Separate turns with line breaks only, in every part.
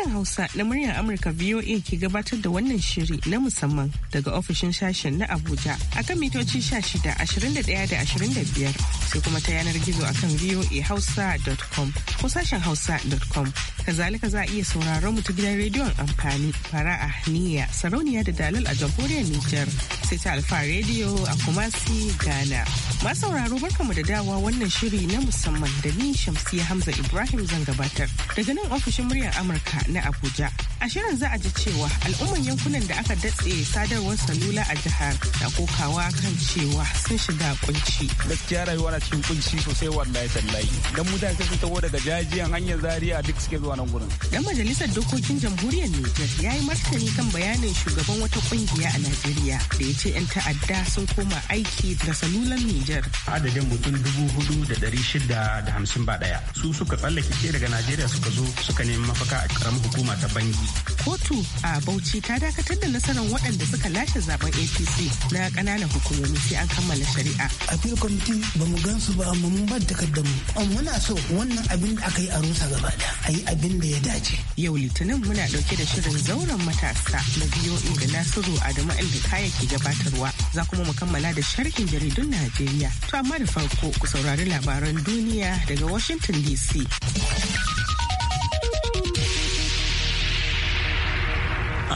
Sashen Hausa na muryar Amurka VOA ke gabatar da wannan shiri na musamman daga ofishin sashen na Abuja a kan mitoci 16, 21 da 25 sai kuma ta yanar gizo a akan voahausa.com ko sashen hausa.com. Kazalika za a iya sauraron mu ta gidan rediyon amfani fara a niyya sarauniya da dalil a jamhuriyar Nijar sai ta alfa rediyo a Kumasi Ghana. Masu sauraro barkamu da dawa wannan shiri na musamman da ni Shamsiya Hamza Ibrahim zan gabatar daga nan ofishin muryar Amurka na Abuja. A shirin za a ji cewa al'umman yankunan da aka datse sadarwar salula a jihar
na kokawa kan cewa sun shiga kunci. Gaskiya rayuwa na cikin kunci sosai wallahi tallahi. Dan mutane sun taho daga jajiyan hanyar Zaria duk suke zuwa nan gurin. Dan majalisar
dokokin jamhuriyar Nijar ya yi martani kan bayanin shugaban wata kungiya a Najeriya da ya ce 'yan ta'adda sun koma aiki da salulan Nijar.
Adadin mutum dubu hudu da dari shida da hamsin ba ɗaya. Su suka tsallake daga Najeriya suka zo suka nemi mafaka a karamar hukuma ta banki.
Kotu a Bauchi ta dakatar da nasarar waɗanda suka lashe zaben APC
na ƙananan hukumomi sai an kammala shari'a. Appeal committee ba mu gan su ba amma mun bar takardar mu. muna so wannan abin da aka yi a rusa gaba da a yi abin da ya dace. Yau
Litinin muna ɗauke da shirin zauren matasa na VOA da Nasiru Adamu Eldikaya ke gabatarwa. Za kuma mu kammala da sharhin jaridun Najeriya. To amma da farko ku saurari labaran duniya daga Washington DC.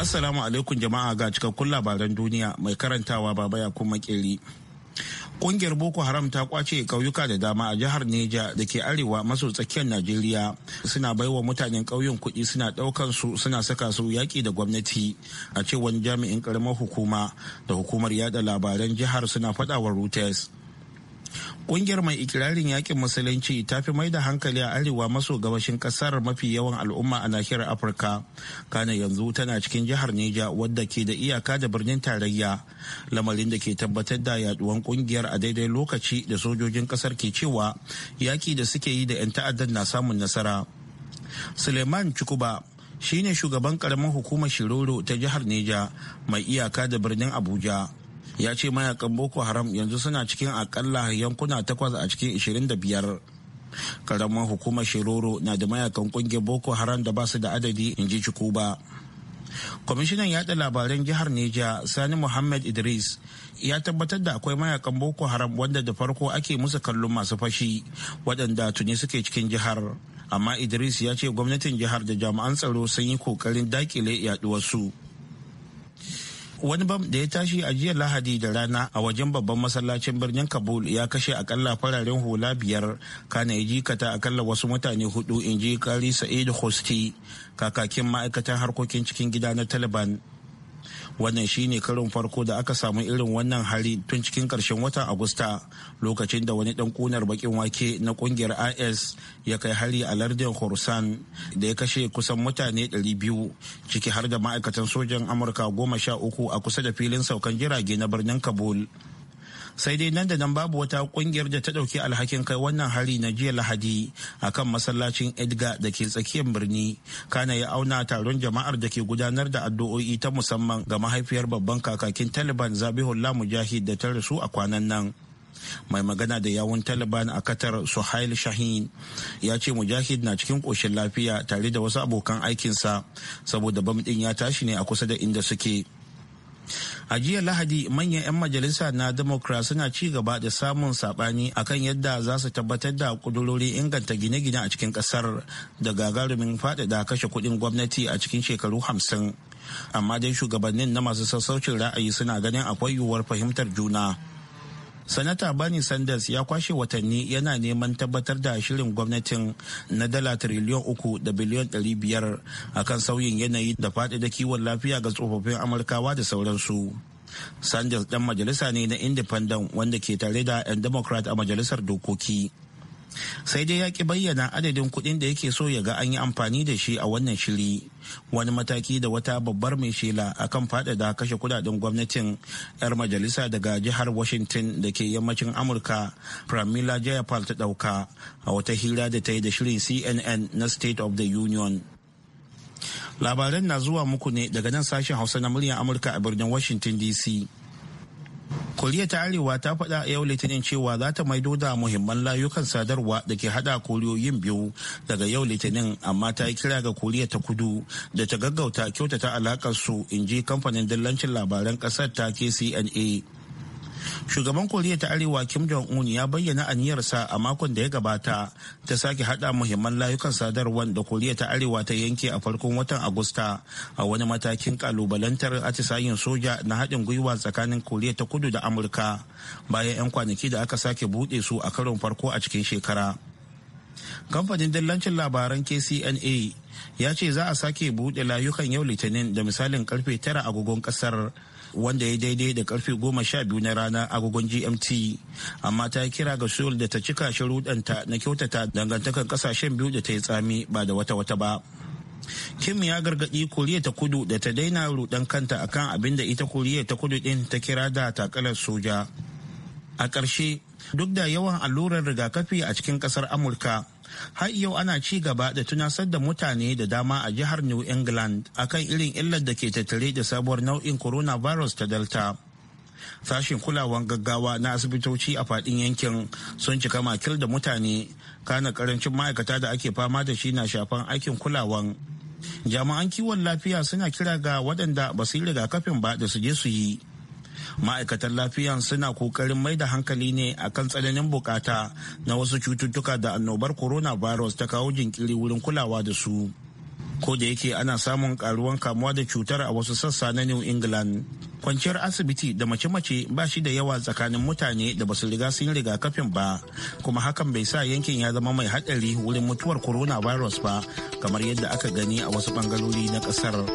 Assalamu alaikum jama'a ga cikakkun labaran duniya mai karantawa baba ya kuma makeri. Kungiyar Boko Haram ta kwace kauyuka da dama a jihar Neja da ke arewa maso tsakiyar Najeriya suna baiwa mutanen ƙauyen kuɗi suna ɗaukan su suna saka su yaƙi da gwamnati a cewar jami'in ƙaramar hukuma da hukumar yada labaran jihar suna faɗawa Reuters. Ƙungiyar mai ikirarin yakin musulunci ta fi mai da hankali a arewa maso gabashin ƙasar mafi yawan al'umma a nahiyar Afirka. Kana yanzu tana cikin jihar Neja wadda ke da iyaka da birnin tarayya. Lamarin da ke tabbatar da yaduwan ƙungiyar a daidai lokaci da sojojin ƙasar ke cewa yaki da suke yi da 'yan ta'addan na samun nasara. Suleiman cukuba shine shugaban ƙaramin hukumar Shiroro ta jihar Neja mai iyaka da birnin Abuja. ya ce mayakan boko haram yanzu suna cikin akalla yankuna takwas a cikin 25 karamar hukumar shiroro na da mayakan kungiyar boko haram da basu da adadi in ji cikuba kwamishinan yada labaran jihar neja sani muhammad idris ya tabbatar da akwai mayakan boko haram wanda da farko ake musu kallon masu fashi waɗanda tuni suke cikin jihar amma idris ya ce gwamnatin jihar da jami'an tsaro sun yi kokarin dakile yaduwarsu wani bam da ya tashi a jiya lahadi da rana a wajen babban masallacin birnin kabul ya kashe akalla fararen hula biyar kana ya jikata akalla wasu mutane hudu in ji kari sa'id hosti kakakin ma'aikatan harkokin cikin gida na taliban wannan shine karin farko da aka samu irin wannan hari tun cikin karshen watan agusta lokacin da wani dan kunar bakin wake na kungiyar is ya kai hari a lardin horsan da ya kashe kusan mutane 200 ciki har da ma'aikatan sojan amurka goma sha uku a kusa da filin saukan jirage na birnin kabul sai dai nan da nan babu wata kungiyar da ta ɗauki alhakin kai wannan hari na jiya lahadi a kan masallacin edgar da ke tsakiyar birni kana ya auna taron jama'ar da ke gudanar da addu'o'i ta musamman ga mahaifiyar babban kakakin taliban zabihullah mujahid da ta rasu a kwanan nan mai magana da yawun taliban a katar suhail shahin ya ce mujahid na cikin koshin lafiya tare da wasu abokan aikinsa saboda bam ɗin ya tashi ne a kusa da inda suke a jiya lahadi manyan 'yan majalisa na democrat suna ci gaba da samun sabani akan yadda za su tabbatar da kudurori inganta gine-gine a cikin kasar da gagarumin faɗaɗa kashe kuɗin gwamnati a cikin shekaru hamsin amma dai shugabannin na masu sassaucin ra'ayi suna ganin akwai yiwuwar fahimtar juna sanata bani sanders ya kwashe watanni yana neman tabbatar da shirin gwamnatin na dala triliyon uku da biliyon ɗari biyar a kan sauyin yanayi da faɗi da kiwon lafiya ga tsofaffin amurkawa da sauransu sanders dan majalisa ne na independent wanda ke tare da 'yan democrat a majalisar dokoki sai dai ya ki bayyana adadin kuɗin da yake so ya ga an yi amfani da shi a wannan shiri wani mataki da wata babbar mai shela akan faɗaɗa kashe kudaden gwamnatin 'yar majalisa daga jihar washington da ke yammacin amurka pramila jayapal ta ɗauka a wata hira da ta yi da shirin cnn na state of the union labaran na zuwa muku ne daga nan sashen hausa na muryar amurka a birnin washington dc koriya ta arewa ta faɗa a yau litinin cewa za ta maido da muhimman layukan sadarwa da ke hada koriyoyin biyu daga yau litinin amma ta yi kira ga koriya ta kudu da ta gaggauta kyautata alaƙar su in ji kamfanin dillancin labaran ƙasar ta kcna shugaban koriya ta arewa kim jong un ya bayyana aniyarsa a makon da ya gabata ta sake hada muhimman layukan sadarwar da koriya ta arewa ta yanke a farkon watan agusta a wani matakin kalubalantar atisayin soja na haɗin gwiwa tsakanin koriya ta kudu da amurka bayan 'yan kwanaki da aka sake buɗe su a karon farko a cikin shekara kamfanin dillancin labaran kcna ya ce za a sake buɗe layukan yau litinin da misalin karfe 9 agogon ƙasar wanda ya daidai da karfe goma sha biyu na rana agogon gmt amma ta yi kira ga seoul da ta cika sharuɗanta na kyautata dangantakar kasashen biyu da ta yi tsami ba da wata-wata ba kim ya gargaɗi koriya ta kudu da ta daina rudan kanta akan abin da ita koriya ta kudu ɗin ta kira da takalar soja a ƙarshe duk da yawan allurar rigakafi a cikin ƙasar amurka har yau ana ci gaba da tunasar da mutane da dama a jihar new england akan irin illar da ke tattare da sabuwar nau'in coronavirus ta delta sashen kulawan gaggawa na asibitoci a fadin yankin sun cika makil da mutane kana karancin ma'aikata da ake fama da shi na shafan aikin kulawan jami'an kiwon lafiya suna kira ga waɗanda ba su yi rigakafin ba da su je su yi ma'aikatan lafiya suna kokarin mai da hankali ne a kan tsananin bukata na wasu cututtuka da annobar corona virus ta kawo jinkiri wurin kulawa da su ko da yake ana samun karuwan kamuwa da cutar a wasu sassa na new england kwanciyar asibiti da mace-mace ba shi da yawa tsakanin mutane da basu riga sun rigakafin ba kuma hakan bai sa yankin ya zama mai haɗari wurin mutuwar coronavirus ba kamar yadda aka gani a wasu bangarori na ƙasar.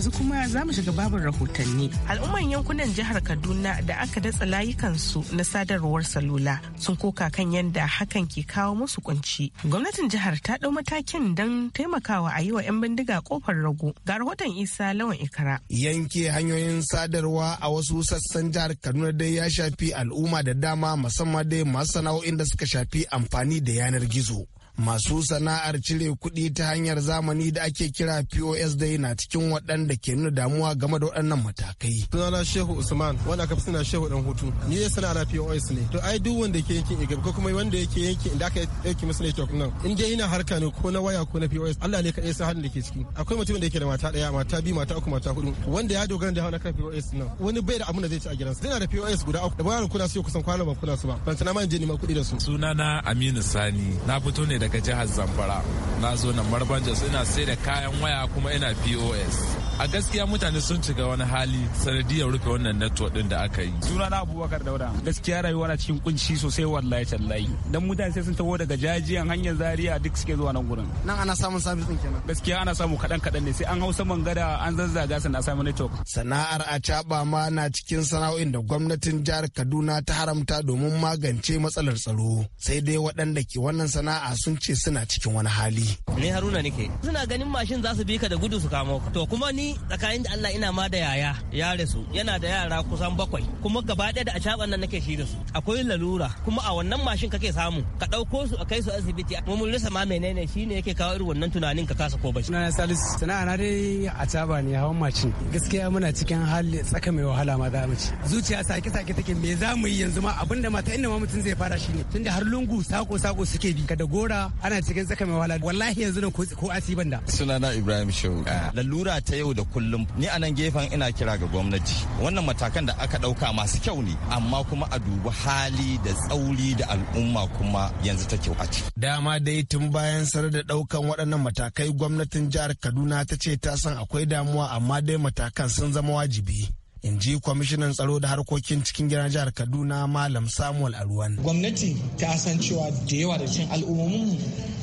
yanzu kuma za mu shiga babin rahotanni. Al'umman yankunan jihar Kaduna da aka datsa layukansu na sadarwar salula sun koka kan yadda hakan ke kawo musu kunci. Gwamnatin jihar ta ɗau matakin don taimakawa a yi wa 'yan bindiga kofar rago. Ga rahoton Isa Lawan Ikara.
Yanke hanyoyin sadarwa a wasu sassan jihar Kaduna dai ya shafi al'umma da dama musamman dai masu sana'o'in da suka shafi amfani da yanar gizo. masu sana'ar cire kuɗi ta hanyar zamani da ake kira pos dai na cikin waɗanda ke nuna damuwa game da waɗannan matakai sunana shehu usman wanda aka fi suna shehu dan hutu ni ya sana'ar pos ne to ai duk wanda ke yankin igab ko kuma wanda yake yankin inda aka ɗauki masu network nan in dai ina harka ne ko na waya ko na pos allah ne kaɗai san halin da ke ciki akwai mutumin da yake da mata ɗaya mata biyu mata uku mata hudu wanda ya dogara da hawa na kan pos nan wani bai da abin da zai ci a gidansa yana da pos guda uku da bayan kuna su kusan kwana ba kuna su ba ban sana ma in je neman kuɗi da su sunana
aminu sani na fito ne da daga jihar zamfara na zo na marbanja ina sai da kayan waya kuma ina pos a gaskiya mutane sun shiga wani hali sanadiyar rufe wannan network din da aka yi suna
na abubakar dauda gaskiya rayuwa na cikin kunci sosai wallahi tallahi dan mutane sai sun taho daga jajiyan hanyar zaria duk suke zuwa nan gurin nan ana samun sabis din kenan gaskiya ana samu kadan kadan ne sai an hausa gada an zazzaga su a samu network sana'ar
a ma na cikin sana'o'in da gwamnatin jihar kaduna ta haramta domin magance matsalar tsaro sai dai waɗanda ke wannan sana'a sun sun ce suna cikin wani hali.
Ni Haruna nike. Suna ganin mashin za su
bi ka da gudu su kamo ka. To kuma ni tsakanin da Allah ina ma da yaya ya rasu yana da yara kusan bakwai kuma gaba ɗaya da caɓan nan nake shi da su. Akwai lalura kuma a wannan mashin kake samu ka ɗauko su a kai su asibiti mun rasa ma menene shine yake kawo irin wannan tunanin ka kasa ko ba. Na Salisu
sana'a na dai a caɓa ne hawan mashin. Gaskiya muna cikin hali tsaka mai wahala ma za mu ci. Zuciya sake-sake take me za mu yi yanzu ma abinda mata inda ma mutum zai fara ne. tunda har lungu sako-sako suke bi da gora ana cikin tsaka mai wahala wallahi yanzu nan ko asiban da
sunana Ibrahim
Shehu ah, lalura ta yau da kullum ni a nan gefen ina kira ga gwamnati wannan matakan da aka dauka masu kyau ne amma kuma a dubi hali da tsauri da al'umma kuma
yanzu ta kyau a ci
dama dai tun bayan sanar da daukan waɗannan matakai gwamnatin jihar Kaduna ta ce ta san akwai damuwa amma dai matakan sun zama wajibi in ji kwamishinan tsaro da harkokin cikin gidan jihar kaduna malam samuel aruwan gwamnati ta san cewa da
yawa da cikin al'ummomin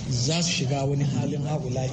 za su shiga wani halin haula'i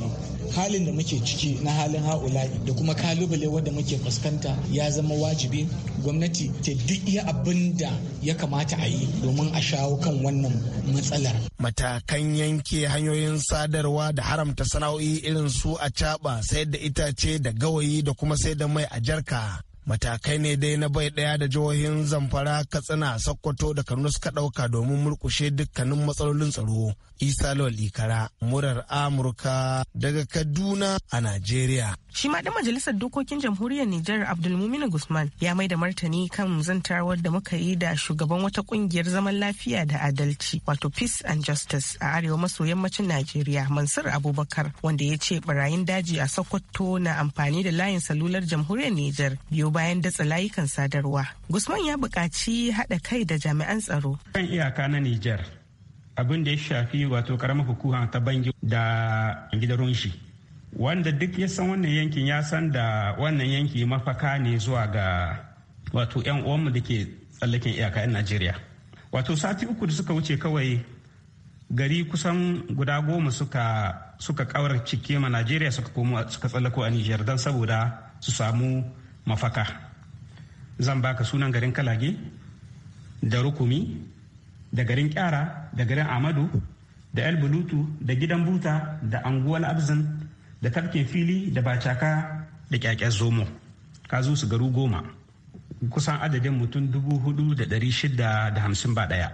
halin da muke ciki na halin haula'i da kuma kalubale wanda muke fuskanta ya zama wajibi gwamnati
ta duk iya abin da ya kamata a yi domin a shawo kan wannan matsalar matakan yanke hanyoyin sadarwa da haramta sana'o'i irin su a caba sayar da itace da gawayi da kuma sayar da mai a jarka matakai ne dai na bai daya da jihohin zamfara katsina sokoto da kano suka dauka domin murkushe dukkanin matsalolin tsaro isa lawal murar amurka daga kaduna a nigeria.
shi
ma majalisar dokokin jamhuriyar nijar abdulmuminu guzman ya mai da martani kan zantarwar da muka yi da shugaban wata kungiyar zaman lafiya da adalci wato peace and justice a arewa maso yammacin nigeria mansur abubakar wanda ya ce barayin daji a sokoto na amfani da layin salular jamhuriyar nijar biyo bayan datsa layukan sadarwa guzman ya buƙaci haɗa kai da jami'an tsaro
kan iyaka na nijar abin da ya shafi wato karamar hukuma ta bangi da gidan shi wanda duk ya san wannan yankin ya san da wannan yanki mafaka ne zuwa ga wato 'yan uwanmu da ke tsallaken iyaka 'yan najeriya wato sati uku da suka wuce kawai gari kusan guda goma suka suka kawar cike ma najeriya suka komo suka tsallako a nijar don saboda su samu mafaka zan baka sunan garin kalage da rukumi da garin kyara da garin amadu da el bulutu da gidan buta da anguwal abzin da tafkin fili da bacaka da kyakyar zomo ka zo su garu goma kusan adadin mutum dubu hudu da dari shida da hamsin ba daya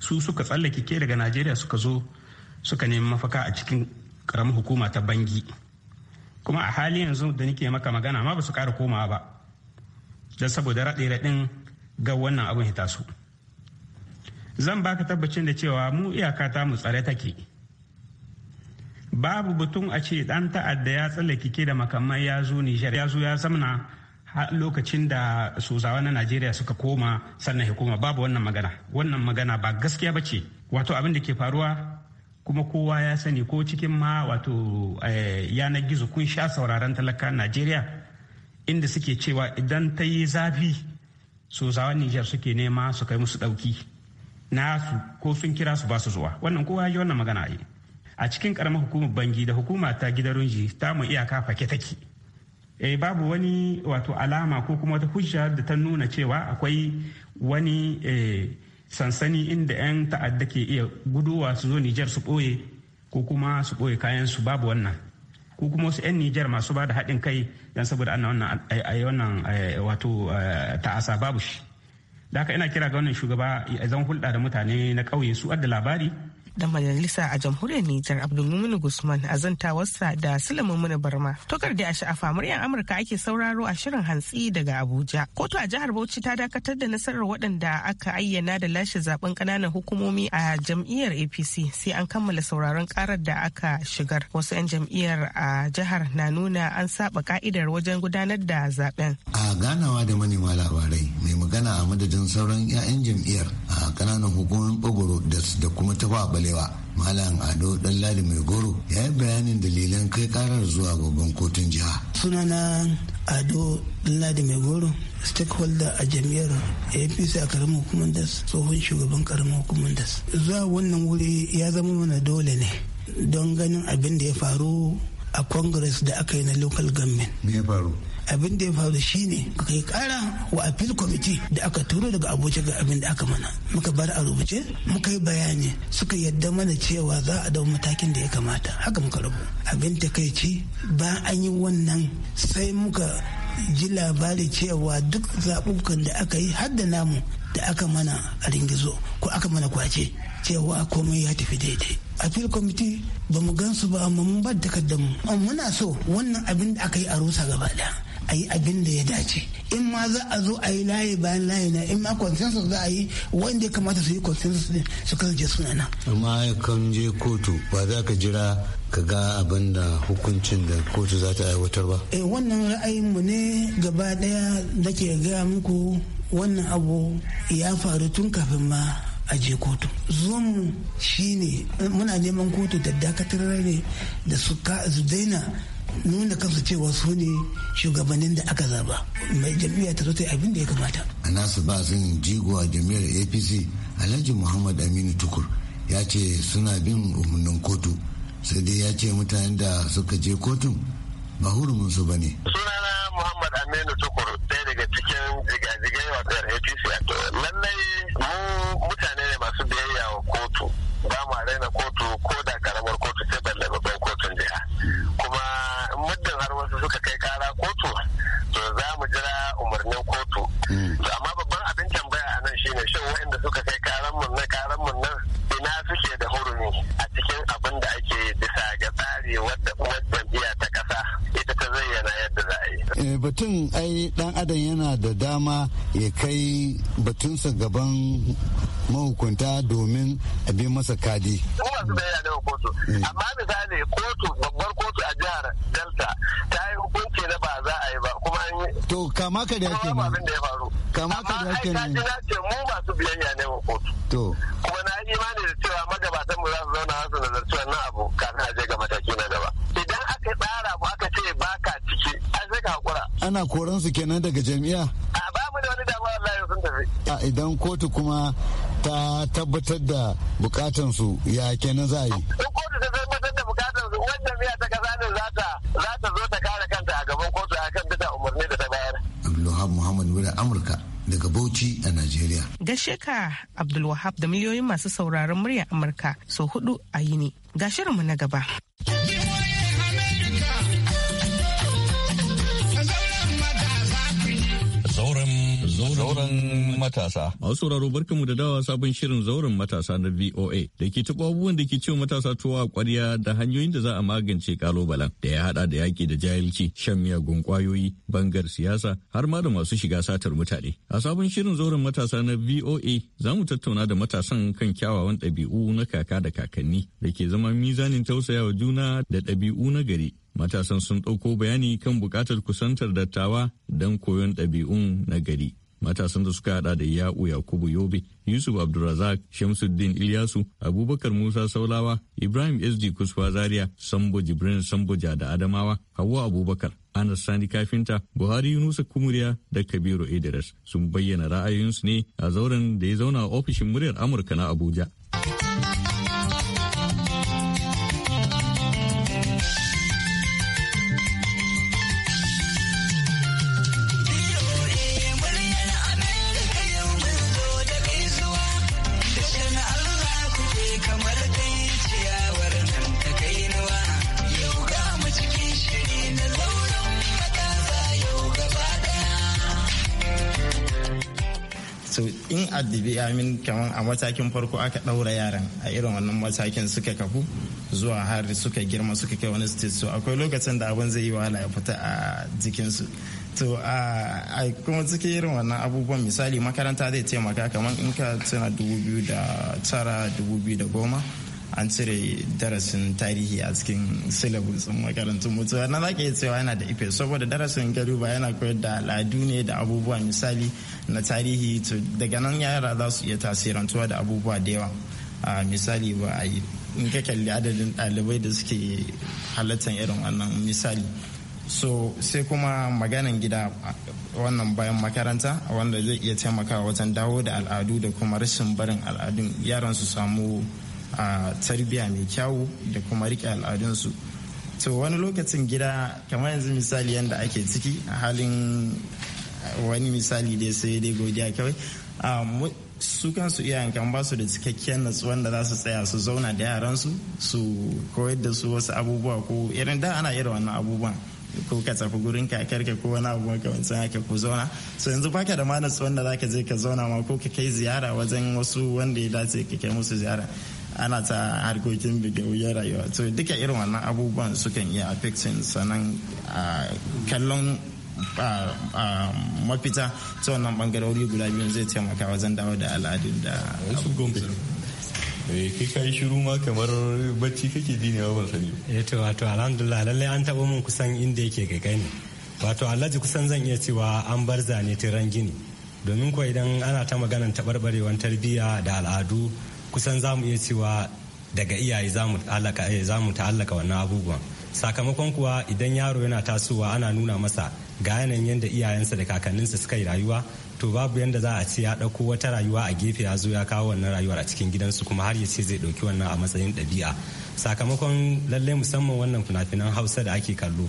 su suka tsallake ke daga najeriya suka zo suka nemi mafaka a cikin karamin hukuma ta bangi kuma a hali yanzu da nike maka magana ma ba su kara komawa ba don saboda raɗe-raɗin ga wannan abin hita su zan baka tabbacin da cewa mu iyaka ta mu tsare take babu batun a ce ɗan ta'adda ya tsallake ke da makamai ya zo nijar ya zo ya zamna lokacin da sozawa na najeriya suka koma sannan hukuma babu wannan magana wannan magana ba gaskiya ba ce wato abin da ke faruwa kuma kowa ya sani ko cikin ma wato eh, yanar gizo kun sha sauraron talaka najeriya inda suke cewa idan ta yi zafi sozawan nijar suke nema su kai musu ɗauki su ko sun kira su ba su zuwa wannan kowa yi wannan magana yi a cikin karamar hukumar bangi da hukuma ta gidan Rinji ta mu iyaka fake take eh babu wani wato alama ko kuma wata hujja da ta nuna cewa akwai wani eh, sansani inda 'yan ta'adda ke iya guduwa su zo Nijar su ɓoye ko kuma su ɓoye kayan su babu wannan ko kuma wasu 'yan Nijar masu ba da haɗin kai don saboda ana wannan wato eh, ta'asa babu shi da haka ina kira ga wannan shugaba ya zan hulɗa da mutane na ƙauye su adda labari
dan majalisa a jamhuriyar Nijar Abdulmumin Guzman a zantawarsa da Sulaiman Barma. Tokar da a sha'afa muryar Amurka ake sauraro a shirin hantsi daga Abuja. Kotu a jihar Bauchi ta dakatar da nasarar waɗanda aka ayyana da lashe zaben ƙananan hukumomi a jam'iyyar APC sai an kammala sauraron karar da aka shigar. Wasu 'yan jam'iyyar a jihar na nuna an saba ka'idar wajen gudanar da zaben.
A ganawa da manema labarai mai magana a madadin sauran 'ya'yan jam'iyyar a ƙananan hukumomin Bogoro da kuma Tafawa kwalewa malam ado ɗanladi mai goro ya yi bayanin dalilan kai karar zuwa babban kotun jiha sunana ado ɗanladi mai goro stakeholder a jami'ar apc a karamin hukumar das tsohon shugaban karamin hukumar das zuwa wannan wuri ya zama mana dole ne don ganin abin da ya faru a congress da aka yi na local government me ya faru abin da ya faru shi ne kai kara wa appeal committee da aka turo daga abuja ga abin da aka mana muka bar a rubuce muka yi bayani suka yadda mana cewa za a dau matakin da ya kamata haka muka rubu abin takaici ba an yi wannan sai muka ji labari cewa duk zaɓuɓɓukan da aka yi har da namu da aka mana a ringizo ko aka mana kwace cewa komai ya tafi daidai a committee kwamiti ba mu gansu ba amma mun bar takardar mu muna so wannan abin da aka yi a rusa gaba daya a yi abin da ya dace in ma za a zo a yi layi bayan layi na in ma consensus za a yi wanda ya kamata su yi consensus din su je suna na. amma kan je kotu ba za ka jira ka ga abin da hukuncin da kotu za ta aiwatar ba. eh wannan ra'ayin mu ne gaba daya ke gaya muku wannan abu ya faru tun kafin ma a je kotu zuwan shine muna neman kotu da dakatar ne da su daina nuna kansu cewa su ne shugabannin da aka zaba mai jam'iyya ta zo ta abin da ya kamata a nasu ba sun jigo a jam'iyyar apc alhaji muhammad aminu tukur ya ce suna bin umarnin kotu sai dai ya ce mutanen da suka je kotun ba hurumin su ba ne sunana muhammad aminu tukur ɗaya daga cikin jigajigai wato apc a lallai mu mutane ne masu biyayya wa kotu ba ma raina kotu ko da Eh, batun ai dan adam yana da dama ya kai batunsa gaban mahukunta domin a bi masa kadi. Mm. amma misali kotu babbar kotu a jihar delta ta yi hukunci na ba za a yi ba kuma an yi to kama ka da yake ne kama ka da yake ne amma ai ta ce mu masu biyayya ne wa kotu to
ana koran su kenan daga jami'a ba babu da wani damuwa Allah
sun tafi
a idan kotu kuma ta tabbatar da bukatan ya kenan za a yi
kotu ta tabbatar da bukatan su wanda miya ta kasa ne za ta za ta zo ta kare kanta a gaban kotu a kan bisa umarni da ta bayar
Abdullahi Muhammad Wura Amurka daga Bauchi a Najeriya.
Gashe ka Abdulwahab da miliyoyin masu sauraron murya Amurka sau hudu a yini. Ga shirinmu na gaba.
zauren matasa. Masu sauraro barkamu da dawa sabon shirin zauren matasa na VOA da ke taɓa abubuwan da ke cewa matasa tuwa a kwarya da hanyoyin da za a magance kalubalen da ya haɗa da yaƙi da jahilci, shan miyagun kwayoyi bangar siyasa har ma da masu shiga satar mutane. A sabon shirin zauren matasa na VOA za mu tattauna da matasan kan kyawawan ɗabi'u na kaka da kakanni da ke zama mizanin tausayawa juna da ɗabi'u na gari matasan sun ɗauko bayani kan buƙatar kusantar dattawa don koyon ɗabi'un na gari. matasan da suka hada da ya'u yakubu yobe yusuf abdulrazak shamsuddin ilyasu abubakar musa saulawa ibrahim sd kusfa zaria sambo jibrin sambo da adamawa hawa abubakar anas sani kafinta buhari yunusa kumuriya da kabiru idris sun bayyana ra'ayoyinsu ne a zauren da ya zauna a ofishin muryar amurka na abuja
addibi amin kaman a matakin farko aka ɗaura yaran a irin wannan matakin suka kafu zuwa har suka girma suka kai wani stage so akwai lokacin da abin zai yi wahala ya fita a jikinsu to a kuma cikin irin wannan abubuwan misali makaranta zai taimaka kamar in ka tuna dubu biyu da tara dubu biyu da goma an cire darasin tarihi a cikin syllabus makarantun mutu na za yi cewa yana da ife saboda darasin garuba yana koyar da al'adu ne da abubuwa misali na tarihi daga nan yara za su iya tasirantuwa da abubuwa da yawa misali ba a yi in ka kalli adadin ɗalibai da suke halartar irin wannan misali so sai kuma maganan gida wannan bayan makaranta wanda zai iya taimakawa wajen dawo da al'adu da kuma rashin barin al'adun yaran su samu a tarbiyya mai kyawu da kuma riƙe al'adunsu to wani lokacin gida kamar yanzu misali yadda ake ciki a halin wani misali dai sai dai godiya kawai su kansu iyayen kan ba su da cikakkiyar natsuwan da za su tsaya su zauna da yaran su su koyar da su wasu abubuwa ko irin da ana irin wannan abubuwan ko ka tafi gurin kakarka ko wani abu wancan haka ko zauna so yanzu baka da ma natsuwan da zaka je ka zauna ma ko ka kai ziyara wajen wasu wanda ya dace ka kai musu ziyara ana ta harkokin bigawiyar rayuwa so duka irin wannan abubuwan sukan iya affecting sanan kallon mafita ta wannan bangarori guda biyu zai taimaka wajen dawo da al'adun da eh kai kai shiru
ma kamar bacci kake dinewa ban sani
eh to wato alhamdulillah lallai an taɓa mun kusan inda yake kai kai ne wato alhaji kusan zan iya cewa an bar zane tiran gini domin kuwa idan ana ta maganan taɓarɓarewar tarbiyya da al'adu kusan za mu iya cewa daga iyaye eh, za mu ta'allaka wannan abubuwan sakamakon kuwa idan yaro yana tasowa ana nuna masa ga yanayin yadda iyayensa da kakanninsa suka yi rayuwa to babu yadda za a ce ya ɗauko wata rayuwa a gefe ya zo ya kawo wannan rayuwar a cikin gidansu kuma har ya ce zai ɗauki wannan a matsayin ɗabi'a sakamakon lallai musamman wannan fina-finan hausa da ake kallo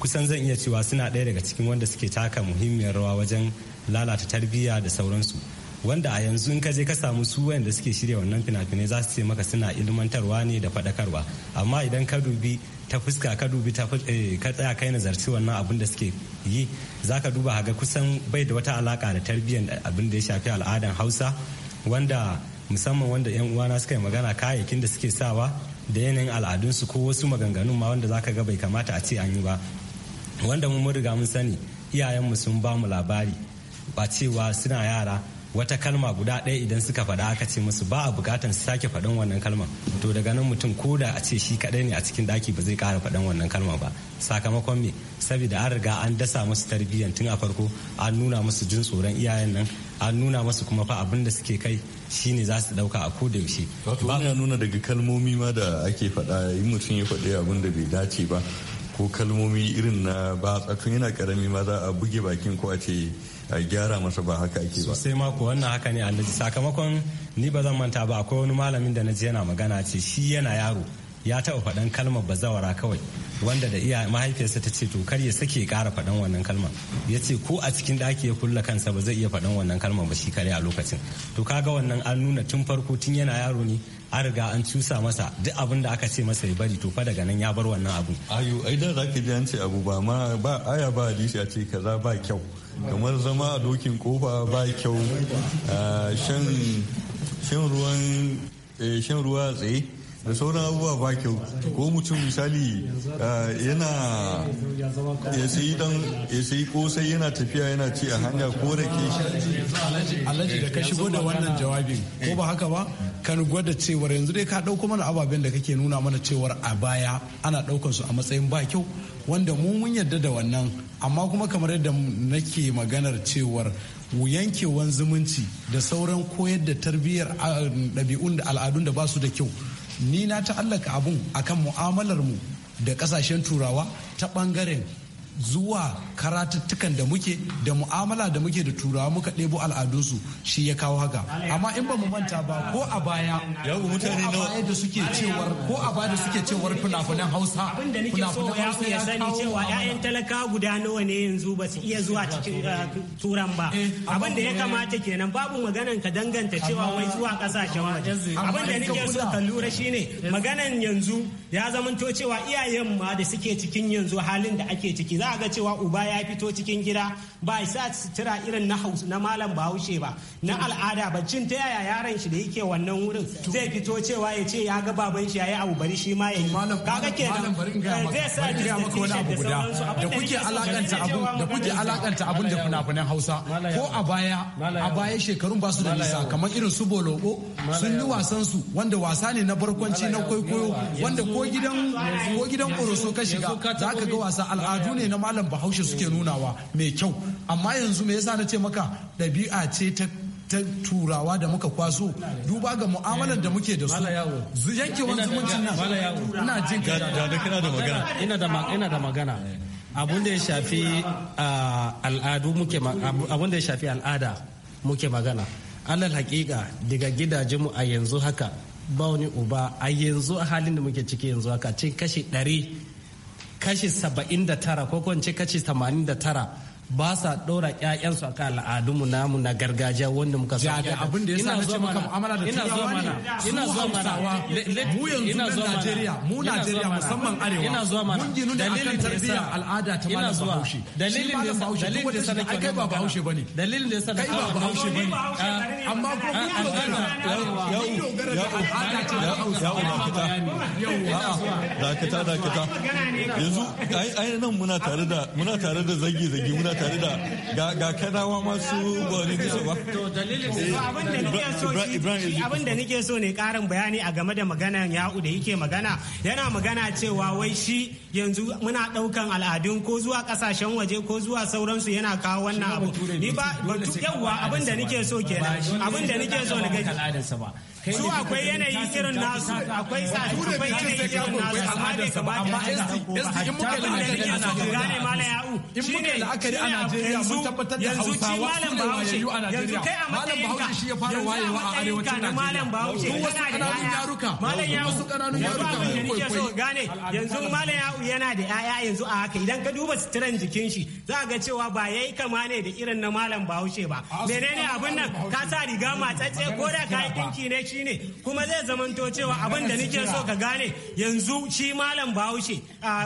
kusan zan iya cewa suna ɗaya daga cikin wanda suke taka muhimmiyar rawa wajen lalata tarbiyya da sauransu wanda a yanzu in ka je ka samu su wayanda suke shirya wannan fina-finai za su ce maka suna ilmantarwa ne da faɗakarwa amma idan ka dubi ta fuska ka dubi ta eh, ka tsaya kai nazarci wannan abin da suke yi za ka duba haga kusan bai da wata alaka da tarbiyyar abin da ya shafi al'adan hausa wanda musamman wanda yan uwana suka yi magana kayayyakin da suke sawa da yanayin al'adunsu ko wasu maganganun ma wanda za ka ga bai kamata a ce an yi ba wanda mun riga mun sani iyayenmu sun ba mu labari ba cewa suna yara wata kalma guda ɗaya idan suka faɗa aka ce musu ba a bukatar su sake faɗan wannan kalma to daga nan mutum ko da a ce shi kaɗai ne a cikin ɗaki ba zai ƙara faɗin wannan kalma ba sakamakon me saboda an riga an dasa musu tarbiyyan tun a farko an nuna musu jin tsoron iyayen nan an nuna musu kuma fa abin da suke kai shine za su ɗauka a koda yaushe.
Wato ya nuna daga kalmomi ma da ake faɗa yi mutum ya faɗi abin da bai dace ba ko kalmomi irin na ba tsatsun yana karami ma za a buge bakin ko a ce a gyara masa ba haka ake ba sosai
mako wannan haka ne alhaji sakamakon ni ba zan manta ba akwai wani malamin da na je yana magana ce shi yana yaro ya taɓa faɗan kalmar bazawara kawai wanda da iya mahaifiyarsa ta ce to kar ya sake ƙara faɗan wannan kalmar ya ce ko a cikin ɗaki ya kulla kansa ba zai iya faɗan wannan kalmar ba shi kare a lokacin to kaga wannan an nuna tun farko tun yana yaro ne an riga an cusa masa duk abin da aka ce masa ya bari to fa daga nan ya bar wannan abu
ayo ai da zaka ji an ce abu ba ma ba aya ba hadisi a ce kaza ba kyau kamar zama a dokin kofa ba kyau ah, shan ruwan eh, shan ruwa tsaye da sauran abubuwa ba kyau ko mutum misali eh, yana ya sayi dan ya sayi kosai yana tafiya yana ci a hanya ko rake
alhaji da ka shigo da wannan jawabin ko ba haka ba kan gwada cewar yanzu dai ka dauko mana ababen da kake nuna mana cewar a baya ana daukar su a matsayin ba kyau wanda mu mun yarda da wannan amma kuma kamar yadda nake maganar cewar yankewan zumunci da sauran koyar da tarbiyyar ah, ɗabi'un da al'adun da ba su da kyau ni na ta'allaka abun akan mu'amalar mu da kasashen turawa ta bangaren zuwa karatuttukan da muke da mu'amala da muke da turawa muka ɗebo al'adunsu shi ya kawo haka amma in ba mu manta ba ko a baya ko a baya da suke cewar ko a baya da suke cewar fina-finan hausa abin da nake so ya ku ya sani cewa ƴaƴan
talaka guda nawa ne yanzu ba su iya zuwa cikin eh, eh, turan ba abin da ya kamata kenan babu maganan ka danganta cewa wai zuwa kasashen waje abin da nake so ka lura shine maganan yanzu ya zamanto cewa iyayen ma da suke cikin yanzu halin da ake ciki za a ga cewa uba ya fito cikin gida ba sa sutura irin na haus na malam bahaushe ba na al'ada ba cin ta yaya yaron shi da yake wannan wurin zai fito cewa ya ce ya ga baban shi yayi abu bari shi ma yayi kaga da zai sa ya maka wani abu guda da kuke alakanta abu da kuke alakanta abun da
funafunan Hausa ko a baya a baya shekarun ba su da nisa kamar irin su bolobo sun yi wasan su wanda wasa ne na barkwanci na kwaikwayo wanda ko gidan ko gidan oroso ka shiga za ka ga wasa al'adu ne na malam bahaushe suke nunawa mai kyau amma yanzu me yasa na ce maka ɗabi'a ce ta ta turawa da muka kwaso duba ga mu'amalar da muke da su wani zumuncin nan ina jin ka
da magana ina da magana abun da ya shafi al'adu muke abun da ya shafi al'ada muke magana alal hakika daga gidajenmu a yanzu haka ba wani uba a yanzu a halin da muke ciki yanzu haka kashi ɗari kashi saba'in da tara ko kwanci kashi tamanin da tara ba sa ɗora ƴaƴansu a kan al'adunmu namu na gargajiya wanda muka sa da abin da ya sa nace maka mu'amala da ina ina zuwa mana mu yanzu na Najeriya mu Najeriya musamman arewa ina zuwa mana mun da tarbiyya
al'ada ta malam haushi dalilin da yasa dalilin da yasa nake kai ba haushi bane dalilin da yasa kai ba haushi bane ah, amma ko ah, mun ah, dogara yau yau al'ada ta Hausa
yau
dakata dakata yanzu ai nan muna tare da muna tare da zagi zagi muna tare da ga kadawa masu gwani bisa ba.
Abin da nake so ne karin bayani a game da magana ya'u da yake magana yana magana cewa wai shi yanzu muna daukan al'adun ko zuwa kasashen waje ko zuwa sauransu yana kawo wannan abu. Ni ba yawwa abin da nake so kenan abin da nake so na gaji. su akwai yanayi irin nasu akwai sa akwai yanayi irin nasu amma bai kamata amma SD SD in muka da nake ana jira ne
malam ya'u in muka da aka a Najeriya mun tabbatar da Hausawa su ne wayayyu a Najeriya malam Bahaushe shi ya fara wayewa a arewacin Najeriya malam Bahaushe duk wasu kananun yaruka malam ya'u wasu
kananun yaruka mun so gane yanzu malam ya'u yana da ƴaƴa yanzu a haka idan ka duba suturan jikin shi za ga cewa ba yayi kama ne da irin na malam Bahaushe ba menene abin nan ka sa riga matsatse ko da ka yi ne shi shi ne kuma zai zamanto cewa abin da nake so ka gane yanzu shi malam bahaushe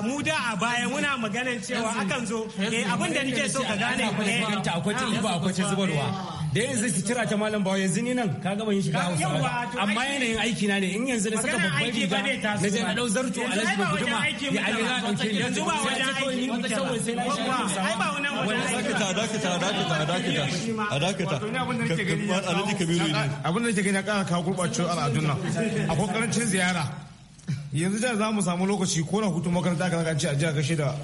mu da a baya muna maganan cewa akan zo abin da nake so ka gane ne akwai zubarwa
da yanzu ki tira ta malam bawa yanzu ni nan ka gaba yin shiga hausa amma yanayin aiki na ne in yanzu na saka babban riga na je na dau zarto a lasbi guduma ya ali na dauke ni yanzu ba wajen aiki wata shawar
sai na shi ai ba wannan wajen aiki dakata dakata da dakata
a
da dakata alhaji kabiru ne
abin da ke gani ka kawo gurbacewar al'adun nan a kokarancin ziyara yanzu da za mu samu lokaci ko na hutu makaranta ka ci a jiya gashe da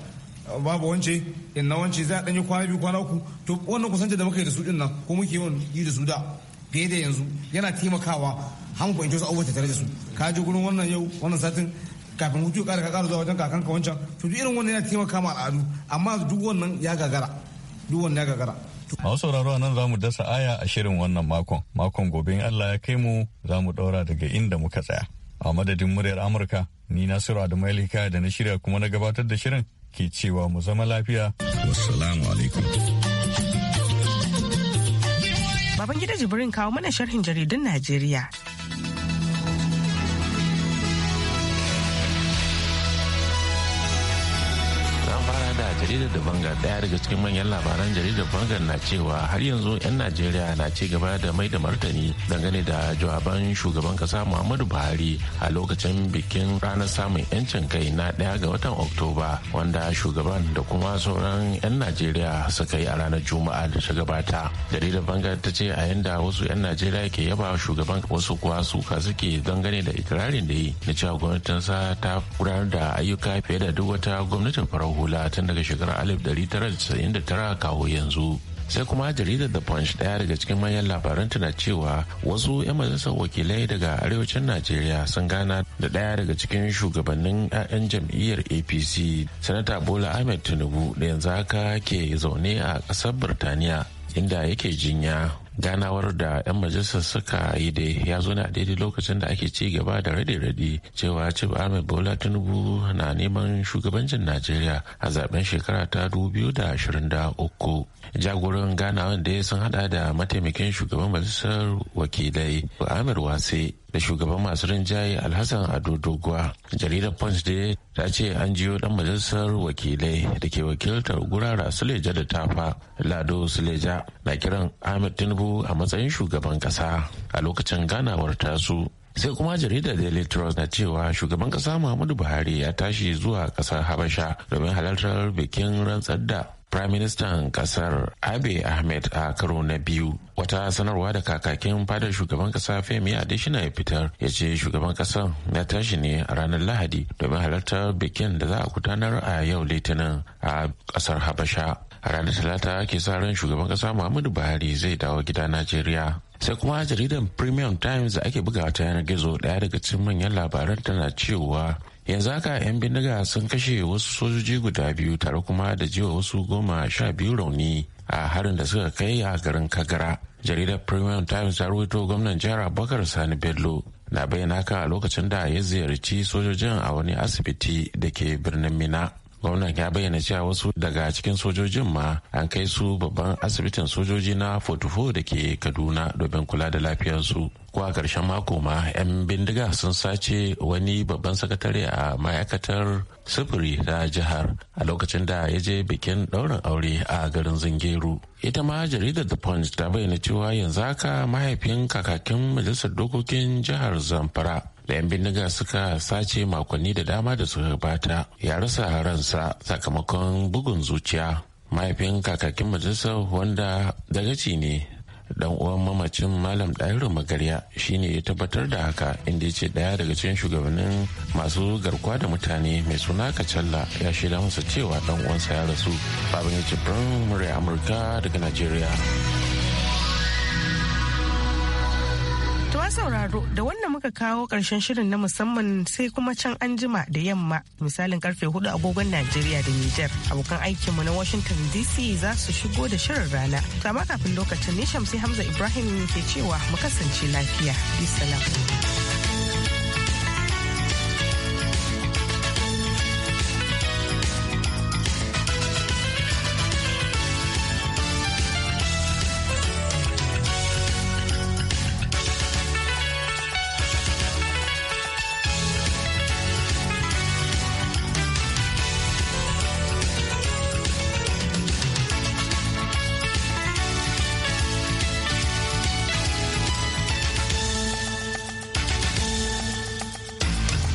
babu wance in na wance za a ɗanyi kwana biyu kwana uku to wannan kusanci da muka yi da su ɗin nan ko muke yawan yi da su da fiye da yanzu yana taimakawa in ku wasu abubuwa tare da su ka je gurin wannan yau wannan satin kafin hutu ka ka ƙara zuwa wajen ka wancan to duk irin wannan yana taimaka ma al'adu amma duk wannan ya gagara duk wannan ya gagara
A sauraro nan za mu dasa aya a shirin wannan makon. Makon gobe in Allah ya kai mu za mu ɗaura daga inda muka tsaya. A madadin muryar Amurka, ni Nasiru Adamu Elika da na shirya kuma na gabatar da shirin ke cewa mu zama lafiya. Wassalamu alaikum.
Babangida Jibrin kawo mana sharhin jaridun Najeriya.
jaridar da banga daya daga cikin manyan labaran jaridar banga na cewa har yanzu 'yan najeriya na ci gaba da mai da martani dangane da jawaban shugaban kasa muhammadu buhari a lokacin bikin ranar samun 'yancin kai na daya ga watan oktoba wanda shugaban da kuma sauran 'yan najeriya suka yi a ranar juma'a da ta gabata jaridar banga ta ce a yanda wasu 'yan najeriya ke yaba shugaban wasu kuwa suka suke dangane da ikirarin da yi na cewa gwamnatinsa ta gudanar da ayyuka fiye da duk wata gwamnatin farar hula tun daga shekarar 1999 kawo yanzu sai kuma jaridar da punch daya daga cikin manyan labaran tana cewa wasu 'yan majalisar wakilai daga arewacin najeriya sun gana da daya daga cikin shugabannin 'ya'yan jam'iyyar apc sanata bola ahmed tinubu da yanzu haka ke zaune a ƙasar birtaniya inda yake jinya ganawar da 'yan majalisar suka yi dai ya zo ne a daidai lokacin da ake ci gaba da rade-rade cewa cib ahmed bola tinubu na neman shugabancin najeriya a zaben shekara ta 2023 jagoran ganawar da sun hada da mataimakin shugaban majalisar wakilai ahmed wase da shugaban masu rinjaye alhassan ado doguwa jaridar punch da ta ce an jiyo dan majalisar wakilai da ke wakiltar gurara suleja da tafa lado suleja na kiran ahmed tinubu a matsayin shugaban kasa a lokacin ganawar tasu sai kuma jaridar daily trust na cewa shugaban kasa muhammadu buhari ya tashi zuwa kasar habasha domin halartar bikin rantsar da Firaministan kasar Abe Ahmed a karo na biyu. Wata sanarwa da kakakin fadar shugaban kasa Femi Adesina ya fitar ya ce shugaban kasar na tashi ne a ranar Lahadi domin halartar bikin da za a gudanar a yau Litinin a kasar Habasha. A ranar Talata ke sa ran shugaban kasa Muhammadu Buhari zai dawo gida Najeriya. sai kuma jaridan premium times da ake bugawa ta yanar gizo daya daga cikin manyan labaran tana cewa yanzu haka 'yan bindiga sun kashe wasu sojoji guda biyu tare kuma da jiwa wasu goma sha biyu rauni a harin da suka kai a garin kagara jaridar premium times ta rubuto gwamnan jihar abubakar sani bello na bayyana haka a lokacin da ya ziyarci sojojin a wani asibiti da ke birnin mina gwamnan ya bayyana cewa wasu daga cikin sojojin ma an kai su babban asibitin sojoji na fotofo da ke kaduna domin kula da lafiyarsu ko a ƙarshen mako ma 'yan bindiga sun sace wani babban sakatare a ma'aikatar sufuri ta jihar a lokacin da ya je bikin ɗaurin aure a garin zingeru ita ma jaridar the punch ta bayyana cewa yanzu haka mahaifin kakakin majalisar dokokin jihar zamfara da 'yan bindiga suka sace makonni da dama da suka gabata ya rasa ransa sakamakon bugun zuciya mahaifin kakakin majalisar wanda dagaci ne dan uwan mamacin malam ɗahiru magarya shine ya tabbatar da haka inda ya ce ɗaya daga cikin shugabannin masu garkuwa da mutane mai suna kacalla ya shaida masa cewa dan uwansa ya rasu babin ya ci murya amurka daga najeriya
sauraro da wannan muka kawo ƙarshen shirin na musamman sai kuma can anjima da yamma misalin karfe hudu agogon Najeriya da Nijar. Abokan aikinmu na Washington DC za su shigo da shirin rana. Tama kafin lokacin ne Shamsi Hamza Ibrahim ke cewa mu kasance lafiya. Bisalam.